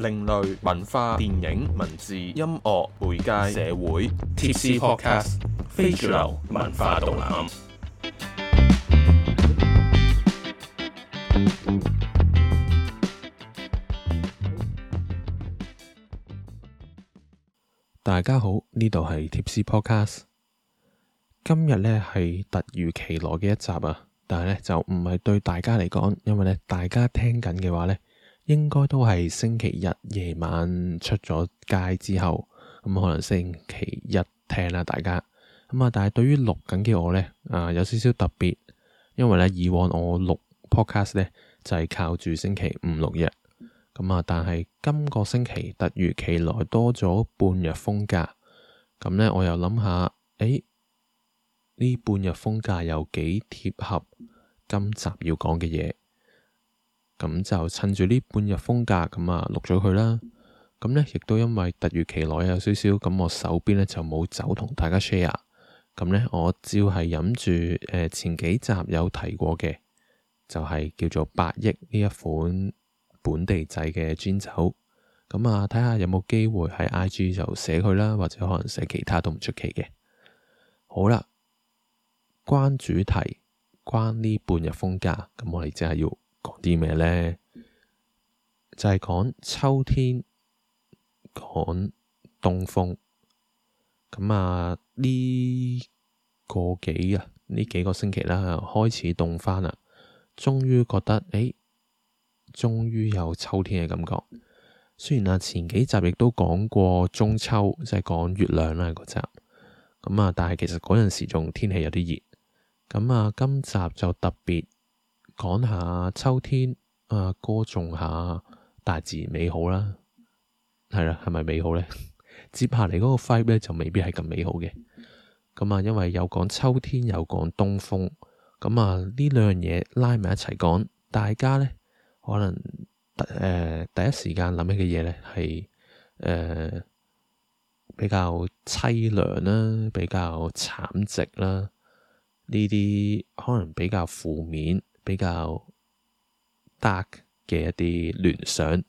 另類文化、電影、文字、音樂、媒介、社會，貼士心 Podcast，非主流文化導覽。大家好，呢度係貼士 Podcast，今日呢係突如其來嘅一集啊！但係呢就唔係對大家嚟講，因為呢大家聽緊嘅話呢。應該都係星期日夜晚出咗街之後，咁可能星期一聽啦，大家咁啊。但係對於錄緊嘅我呢，啊有少少特別，因為咧以往我錄 podcast 呢就係靠住星期五六日，咁啊，但係今個星期突如其來多咗半日風假，咁呢，我又諗下，誒呢半日風假有幾貼合今集要講嘅嘢？咁就趁住呢半日風假咁啊錄咗佢啦。咁呢亦都因為突如其來有少少咁，我手邊呢就冇酒同大家 share。咁呢，我照係飲住誒，前幾集有提過嘅，就係、是、叫做八億呢一款本地製嘅氈酒。咁啊，睇下有冇機會喺 I G 就寫佢啦，或者可能寫其他都唔出奇嘅。好啦，關主題，關呢半日風假咁，我哋即係要。講啲咩咧？就係、是、講秋天，講東風。咁啊呢、這個幾啊呢幾個星期啦，開始凍翻啦，終於覺得誒，終、欸、於有秋天嘅感覺。雖然啊前幾集亦都講過中秋，即係講月亮啦嗰集。咁啊，但係其實嗰陣時仲天氣有啲熱。咁啊，今集就特別。講下秋天啊，歌頌下大自然美好啦，係啦、啊，係咪美好咧？ 接下嚟嗰個 feel 咧，就未必係咁美好嘅咁啊。因為有講秋天，有講東風咁啊，呢兩樣嘢拉埋一齊講，大家咧可能誒、呃、第一時間諗起嘅嘢咧係誒比較淒涼啦，比較慘寂啦，呢啲可能比較負面。比較 dark 嘅一啲聯想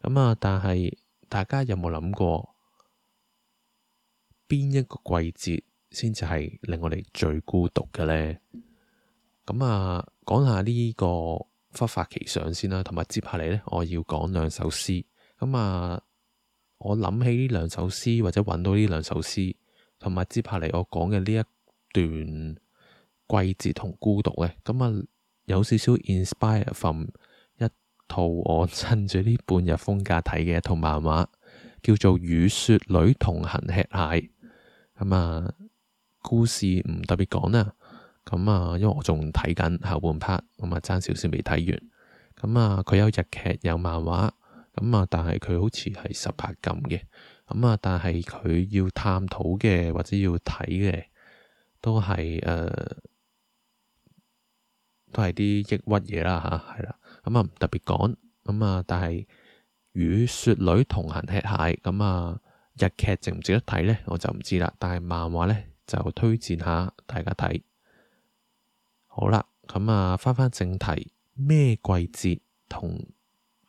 咁啊，但係大家有冇諗過邊一個季節先至係令我哋最孤獨嘅呢？咁啊，講下呢個忽發奇想先啦，同埋接下嚟呢，我要講兩首詩。咁啊，我諗起呢兩首詩，或者揾到呢兩首詩，同埋接下嚟我講嘅呢一段季節同孤獨呢，咁啊。有少少 inspire from 一套我趁住呢半日放風假睇嘅一套漫畫，叫做《與雪女同行吃蟹》。咁、嗯、啊，故事唔特別講啦。咁、嗯、啊，因為我仲睇緊後半 part，咁啊爭少少未睇完。咁、嗯、啊，佢有日劇有漫畫，咁、嗯、啊，但係佢好似係十八禁嘅。咁、嗯、啊，但係佢要探討嘅或者要睇嘅，都係誒。呃都係啲抑鬱嘢啦，吓係啦，咁啊唔特別講，咁、嗯、啊但係與雪女同行吃蟹，咁、嗯、啊日劇值唔值得睇咧，我就唔知啦，但係漫畫咧就推薦下大家睇。好啦，咁啊翻翻正題，咩季節同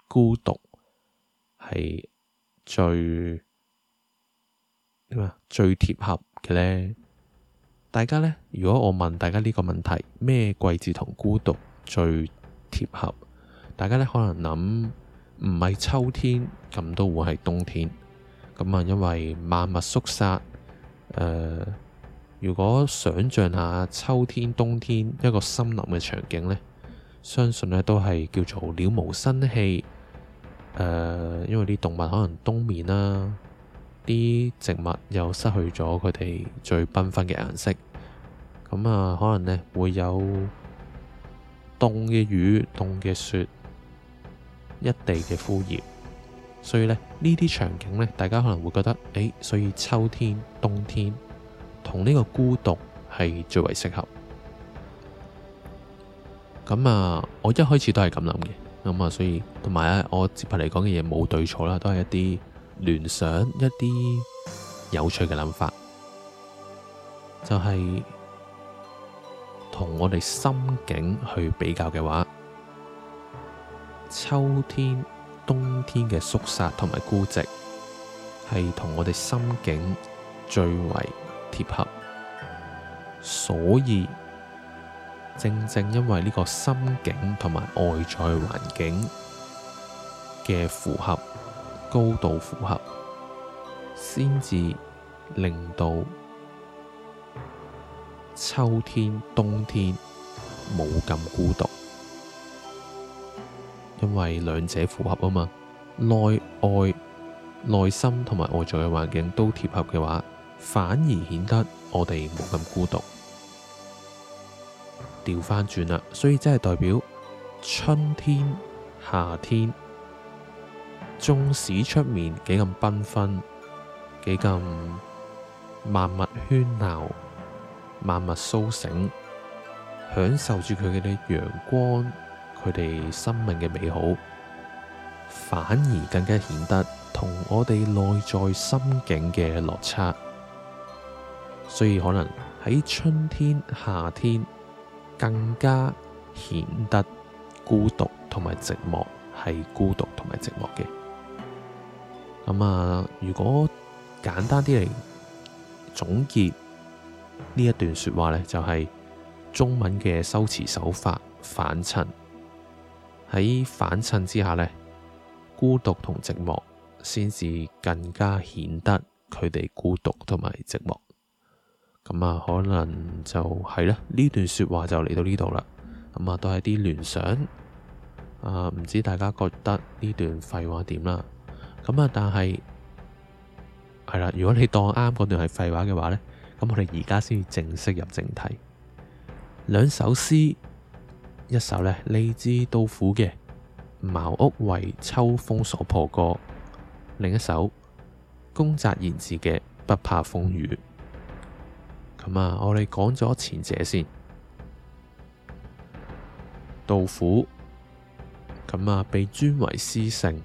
孤獨係最咩啊最貼合嘅咧？大家呢，如果我問大家呢個問題，咩季節同孤獨最貼合？大家呢可能諗唔係秋天，咁都會係冬天。咁啊，因為萬物肅殺。誒、呃，如果想象下秋天、冬天一個森林嘅場景呢，相信呢都係叫做了無生氣。誒、呃，因為啲動物可能冬眠啦、啊。啲植物又失去咗佢哋最繽紛嘅顏色，咁啊，可能呢會有凍嘅雨、凍嘅雪、一地嘅枯葉，所以咧呢啲場景呢，大家可能會覺得誒，所以秋天、冬天同呢個孤獨係最為適合。咁啊，我一開始都係咁諗嘅，咁啊，所以同埋啊，我接下嚟講嘅嘢冇對錯啦，都係一啲。聯想一啲有趣嘅諗法，就係同我哋心境去比較嘅話，秋天、冬天嘅肅殺同埋孤寂，係同我哋心境最為貼合。所以，正正因為呢個心境同埋外在環境嘅符合。高度符合，先至令到秋天、冬天冇咁孤獨，因為兩者符合啊嘛，內外、內心同埋外在嘅環境都貼合嘅話，反而顯得我哋冇咁孤獨。調翻轉啦，所以即係代表春天、夏天。縱使出面幾咁繽紛，幾咁萬物喧鬧，萬物蘇醒，享受住佢嘅陽光，佢哋生命嘅美好，反而更加顯得同我哋內在心境嘅落差。所以可能喺春天、夏天更加顯得孤獨同埋寂寞，係孤獨同埋寂寞嘅。咁啊、嗯，如果簡單啲嚟總結呢一段説話咧，就係、是、中文嘅修辭手法反襯。喺反襯之下咧，孤獨同寂寞先至更加顯得佢哋孤獨同埋寂寞。咁、嗯、啊、嗯，可能就係啦。呢段説話就嚟到呢度啦。咁、嗯、啊，都係啲聯想。啊、嗯，唔知大家覺得呢段廢話點啦？咁啊，但係係啦，如果你當啱嗰段係廢話嘅話咧，咁我哋而家先正式入正題。兩首詩，一首咧，利之杜甫嘅《茅屋為秋風所破歌》，另一首，宮澤賢治嘅《不怕風雨》。咁啊，我哋講咗前者先。杜甫，咁啊，被尊為詩聖。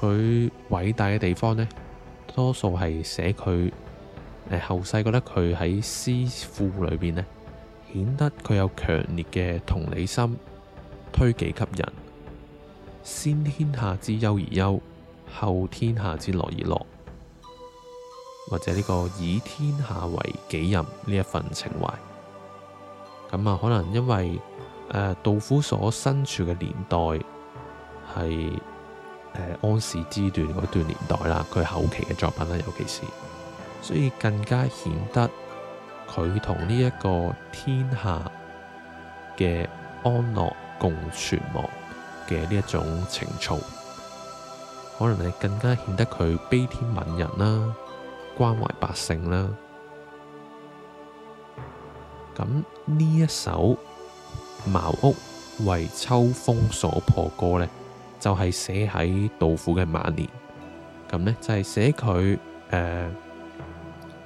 佢偉大嘅地方呢，多數係寫佢誒、呃、後世覺得佢喺詩賦裏邊呢，顯得佢有強烈嘅同理心，推己及人，先天下之憂而憂，後天下之樂而樂，或者呢個以天下為己任呢一份情懷，咁啊可能因為、呃、杜甫所身處嘅年代係安史之亂嗰段年代啦，佢後期嘅作品啦，尤其是，所以更加顯得佢同呢一個天下嘅安樂共存亡嘅呢一種情操，可能係更加顯得佢悲天憫人啦，關懷百姓啦。咁呢一首茅屋為秋風所破歌咧。呢就係寫喺杜甫嘅晚年，咁呢就係寫佢誒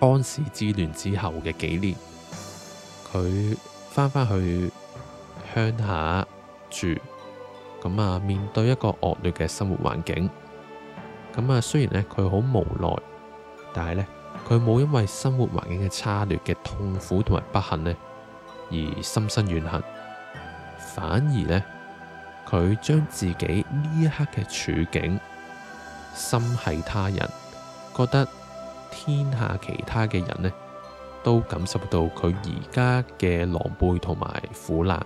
安史之亂之後嘅幾年，佢返返去鄉下住，咁啊面對一個惡劣嘅生活環境，咁啊雖然呢佢好無奈，但係呢，佢冇因為生活環境嘅差劣嘅痛苦同埋不幸呢而心生怨恨，反而呢。佢將自己呢一刻嘅處境，心繫他人，覺得天下其他嘅人呢都感受到佢而家嘅狼狽同埋苦難，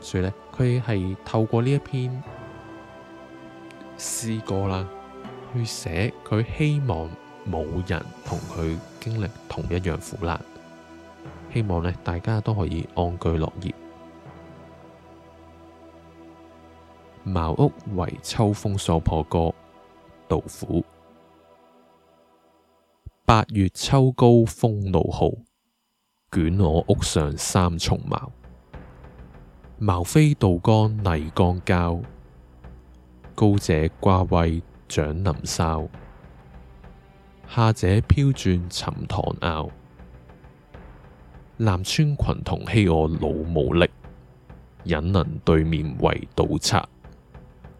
所以呢，佢係透過呢一篇詩歌啦，去寫佢希望冇人同佢經歷同一樣苦難，希望呢大家都可以安居樂業。茅屋為秋風所破歌，杜甫。八月秋高風怒號，卷我屋上三重茅。茅飛渡江，江，灑江郊。高者掛罥長林梢，下者飄轉沉塘坳。南村群童欺我老無力，忍能對面為盜賊。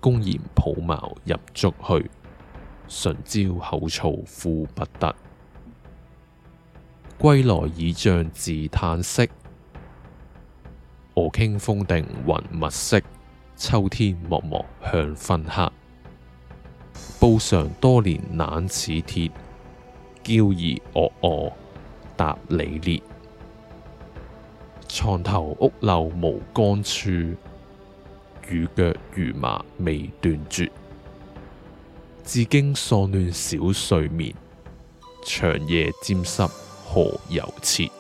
公然抱茅入竹去，脣焦口燥呼不得。歸來倚杖自嘆息。俄頃風定雲墨色，秋天漠漠向昏黑。布衾多年冷似鐵，驕兒惡卧踏裏裂。牀頭屋漏無乾處。雨腳如麻未斷絕，自經喪亂少睡眠，長夜沾濕何由徹？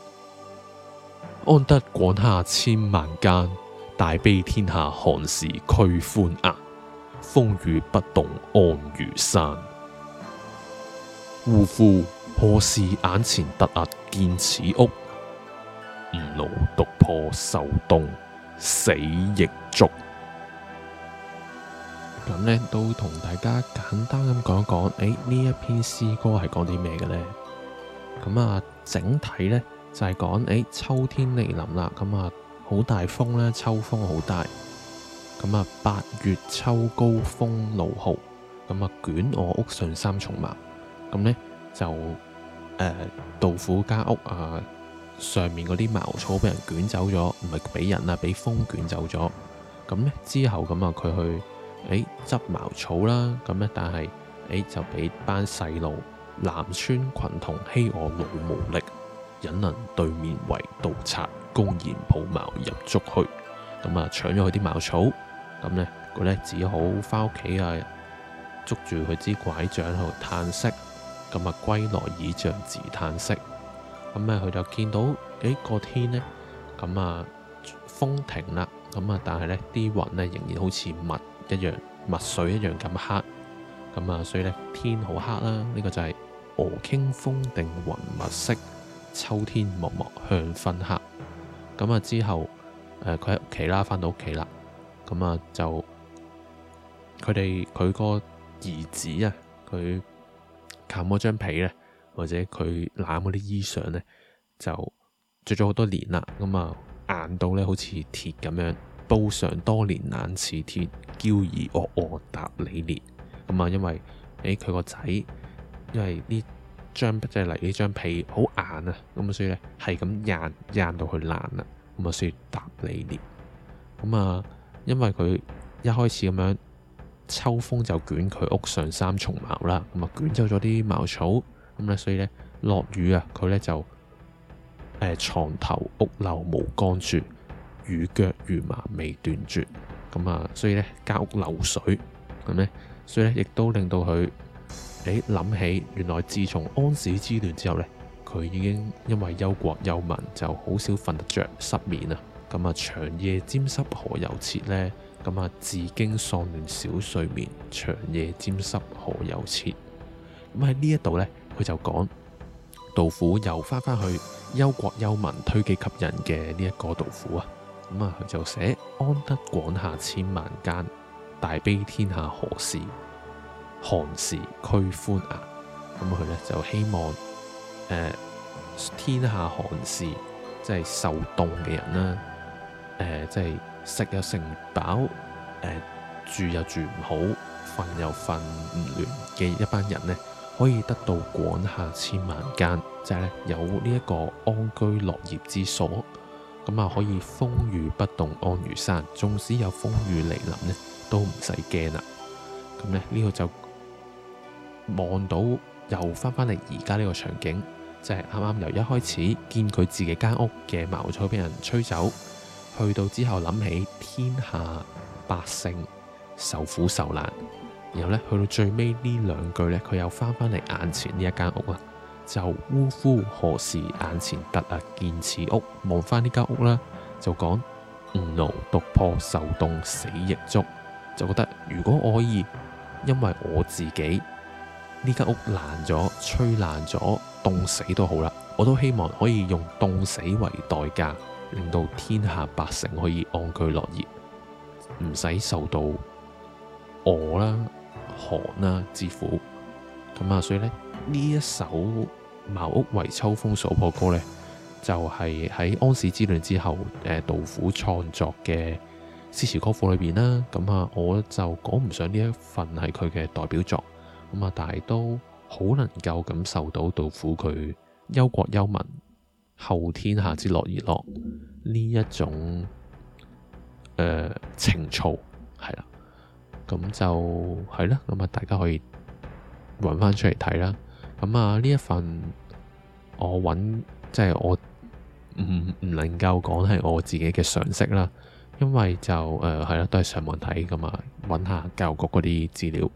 安得廣廈千萬間，大庇天下寒士俱歡顏。風雨不動安如山。嗚呼！何時眼前突兀見此屋？吾廬獨破受凍死亦足。咁咧，都同大家簡單咁講一講。誒、欸、呢一篇詩歌係講啲咩嘅咧？咁啊，整體咧就係講誒秋天嚟臨啦。咁啊，好大風啦，秋風好大。咁啊，八月秋高風怒號，咁啊，卷我屋上三重茅。咁咧就誒杜甫家屋啊上面嗰啲茅草俾人捲走咗，唔係俾人啊，俾風捲走咗。咁咧之後咁啊，佢去。誒，執茅草啦，咁咧，但係誒就俾班細路，南村群童欺我老無力，忍能對面為盜賊，公然抱茅入竹去，咁、嗯、啊搶咗佢啲茅草，咁咧佢咧只好翻屋企啊，捉住佢支拐杖喺度嘆息，咁啊、嗯、歸來倚杖自嘆息，咁咧佢就見到誒個天咧，咁、嗯、啊風停啦，咁、嗯、啊但係咧啲雲咧仍然好似密。一樣墨水一樣咁黑，咁啊，所以咧天好黑啦。呢、這個就係俄頃風定雲墨色，秋天漠漠向昏黑。咁啊之後，誒佢喺屋企啦，返到屋企啦。咁啊就佢哋佢個兒子啊，佢冚嗰張被咧，或者佢攬嗰啲衣裳咧，就着咗好多年啦。咁啊硬到咧好似鐵咁樣。布衾多年冷似鐵，嬌兒惡臥踏裏裂。咁、嗯、啊，因為誒佢個仔，因為呢張即係嚟呢張被好硬啊，咁、嗯、所以咧係咁硬，硬到佢爛啦，咁、嗯、啊所以踏裏裂。咁、嗯、啊，因為佢一開始咁樣秋風就卷佢屋上三重茅啦，咁啊捲走咗啲茅草，咁、嗯、咧所以咧落雨啊，佢咧就誒、呃、床頭屋漏無乾處。雨腳如麻未斷絕，咁啊，所以咧，間屋漏水咁咧，所以咧，亦都令到佢誒諗起，原來自從安史之亂之後呢，佢已經因為憂國憂民，就好少瞓得着失眠啊。咁啊，長夜沾濕何由徹呢？咁啊，自經喪亂少睡眠，長夜沾濕何由徹？咁喺呢一度呢，佢就講杜甫又翻返去憂國憂民，推己及人嘅呢一個杜甫啊。咁啊，佢就寫安得廣廈千萬間，大庇天下何事寒士俱歡顏啊。咁佢咧就希望，誒、呃，天下寒士，即係受凍嘅人啦，誒、呃，即係食又食唔飽，誒、呃，住又住唔好，瞓又瞓唔暖嘅一班人呢，可以得到廣廈千萬間，即係咧有呢一個安居樂業之所。咁啊，可以風雨不動安如山，縱使有風雨嚟臨呢都唔使驚啦。咁咧呢個就望到又翻返嚟，而家呢個場景，即係啱啱由一開始見佢自己間屋嘅茅草畀人吹走，去到之後諗起天下百姓受苦受難，然後呢，去到最尾呢兩句呢，佢又翻返嚟眼前呢一間屋啊。就嗚呼！何時眼前突兀、啊、見此屋？望返呢間屋啦，就講吾廬獨破受凍死亦足。就覺得如果我可以，因為我自己呢間屋爛咗、吹爛咗、凍死都好啦，我都希望可以用凍死為代價，令到天下百姓可以安居樂業，唔使受到餓啦、啊、寒啦、啊、之苦。咁啊，所以呢。呢一首《茅屋為秋風所破歌》呢就係、是、喺安史之亂之後，杜甫創作嘅詩詞歌賦裏邊啦。咁啊，我就講唔上呢一份係佢嘅代表作，咁啊，但係都好能夠感受到杜甫佢憂國憂民、後天下之樂而樂呢一種誒、呃、情操，係啦。咁就係啦，咁啊，大家可以揾翻出嚟睇啦。咁啊，呢一份我揾即係我唔唔能夠講係我自己嘅常識啦，因為就誒係啦，都係上網睇噶嘛，揾下教育局嗰啲資料。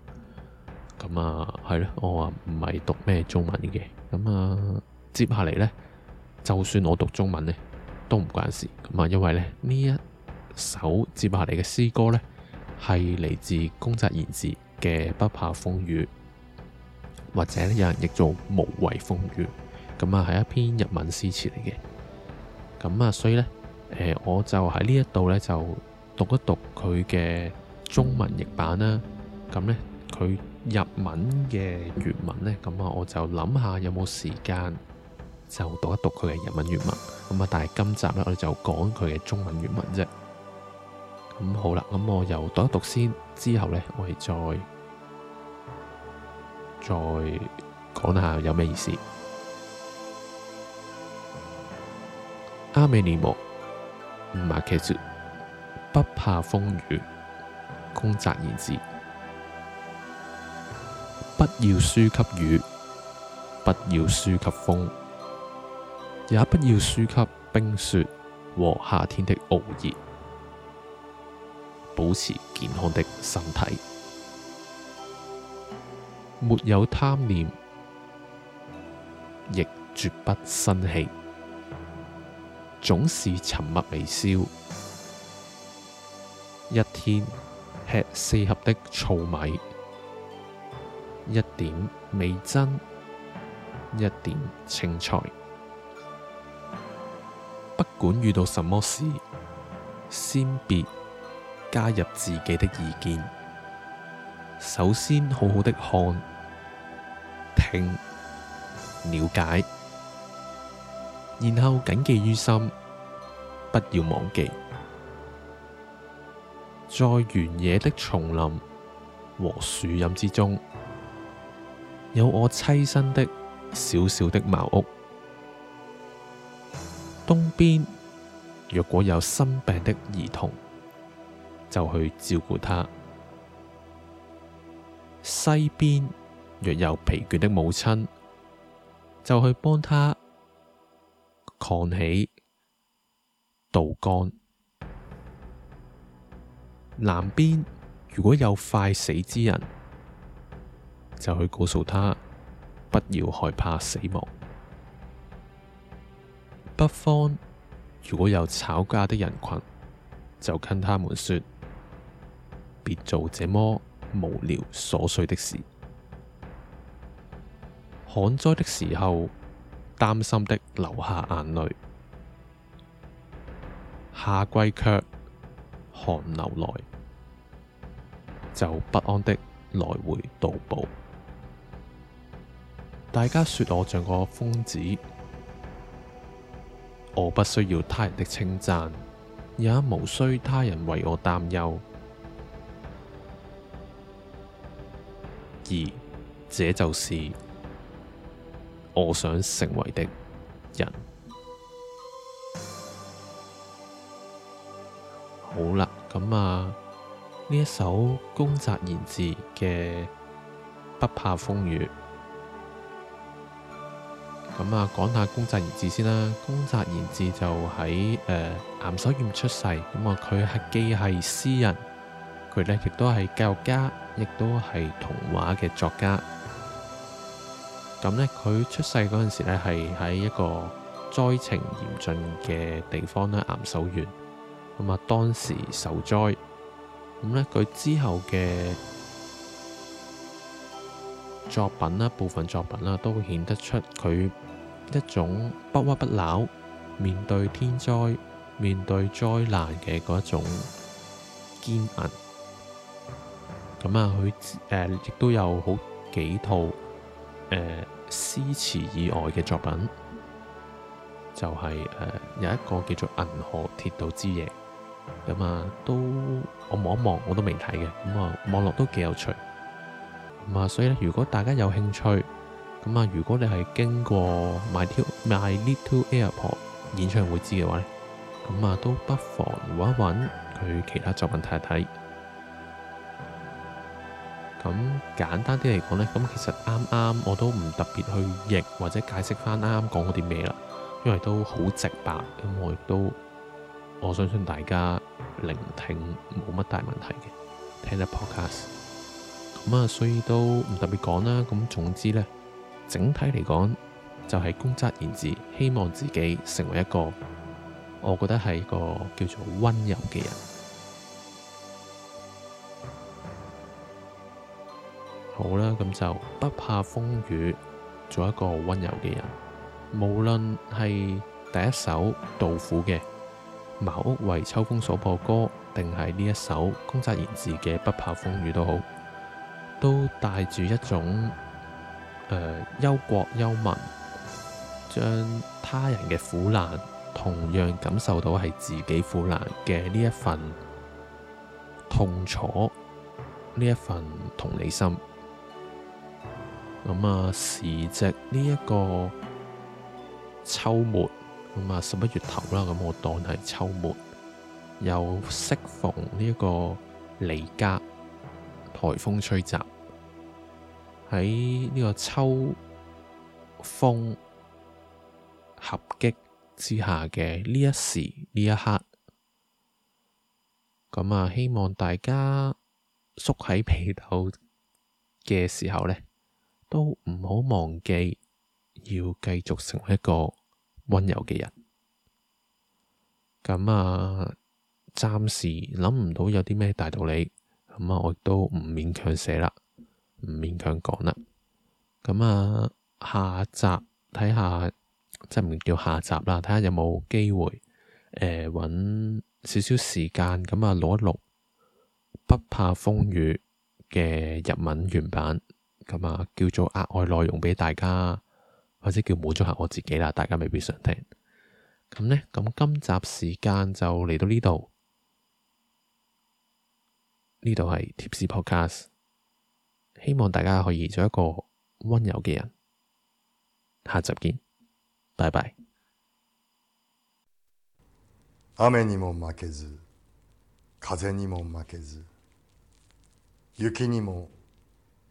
咁、嗯、啊，係、嗯、咯，我話唔係讀咩中文嘅。咁、嗯、啊，接下嚟咧，就算我讀中文咧，都唔關事。咁、嗯、啊，因為咧呢一首接下嚟嘅詩歌咧，係嚟自宮澤賢治嘅《不怕風雨》。或者有人譯做「無謂風月」，咁啊係一篇日文詩詞嚟嘅，咁啊所以呢，誒、呃、我就喺呢一度呢，就讀一讀佢嘅中文譯版啦，咁呢，佢日文嘅原文呢，咁啊我就諗下有冇時間就讀一讀佢嘅日文原文，咁啊但係今集呢，我哋就講佢嘅中文原文啫，咁好啦，咁我由讀一讀先，之後呢，我哋再。再講下有咩意思？阿、啊、美尼莫，唔係，其實不怕風雨，公責言之。不要輸給雨，不要輸給風，也不要輸給冰雪和夏天的酷熱，保持健康的身體。沒有貪念，亦絕不生氣，總是沉默微笑。一天吃四合的糙米，一點味噌，一點青菜。不管遇到什麼事，先別加入自己的意見。首先，好好的看、聽、了解，然後謹記於心，不要忘記。在原野的松林和樹蔭之中，有我棲身的小小的茅屋。東邊，若果有生病的兒童，就去照顧他。西邊若有疲倦的母親，就去幫她扛起稻杆；南邊如果有快死之人，就去告訴他不要害怕死亡；北方如果有吵架的人群，就跟他們說別做這麼無聊瑣碎的事，旱災的時候擔心的流下眼淚，夏季卻寒流來就不安的來回踱步。大家說我像個瘋子，我不需要他人的稱讚，也無需他人為我擔憂。而，這就是我想成為的人。 好啦，咁啊，呢一首宮澤賢治嘅《不怕風雨》。咁啊，講下宮澤賢治先啦。宮澤賢治就喺誒岩手縣出世，咁啊，佢係既係詩人。佢咧亦都係教育家，亦都係童話嘅作家。咁呢，佢出世嗰陣時咧，係喺一個災情嚴峻嘅地方呢，岩手縣。咁啊，當時受災咁呢，佢之後嘅作品啦，部分作品啦，都顯得出佢一種不屈不撓面對天災、面對災難嘅嗰一種堅韌。咁啊，佢誒亦都有好幾套誒詩、呃、詞以外嘅作品，就係、是、誒、呃、有一個叫做《銀河鐵道之夜》。咁啊，都我望一望，我都未睇嘅。咁啊，網絡都幾有趣。咁啊，所以咧，如果大家有興趣，咁啊，如果你係經過 My Two My Little Airport 演唱會知嘅話，咁啊，都不妨揾一揾佢其他作品睇一睇。咁簡單啲嚟講呢，咁其實啱啱我都唔特別去譯或者解釋返啱啱講嗰啲咩啦，因為都好直白。咁我亦都我相信大家聆聽冇乜大問題嘅，聽得 podcast。咁、嗯、啊，所以都唔特別講啦。咁總之呢，整體嚟講就係、是、公則言志，希望自己成為一個，我覺得係一個叫做溫柔嘅人。好啦，咁就不怕風雨，做一個溫柔嘅人。無論係第一首杜甫嘅《茅屋為秋風所破歌》，定係呢一首宮澤賢治嘅《不怕風雨》都好，都帶住一種誒、呃、憂國憂民，將他人嘅苦難同樣感受到係自己苦難嘅呢一份痛楚，呢一份同理心。咁啊、嗯，時值呢一個秋末，咁啊十一月頭啦，咁我當係秋末，又適逢呢一個離家，颱風吹襲喺呢個秋風合擊之下嘅呢一時呢一刻，咁、嗯、啊，希望大家縮喺被竇嘅時候咧，都唔好忘記要繼續成為一個溫柔嘅人。咁啊，暫時諗唔到有啲咩大道理，咁啊，我都唔勉強寫啦，唔勉強講啦。咁啊，下一集睇下，即係唔叫下集啦，睇下有冇機會呃，搵少少時間，咁啊，錄一錄《不怕風雨》嘅日文原版。咁啊，叫做額外內容俾大家，或者叫滿足下我自己啦。大家未必想聽。咁呢，咁今集時間就嚟到呢度，呢度係 Tipsy Podcast。希望大家可以做一個溫柔嘅人。下集見，拜拜。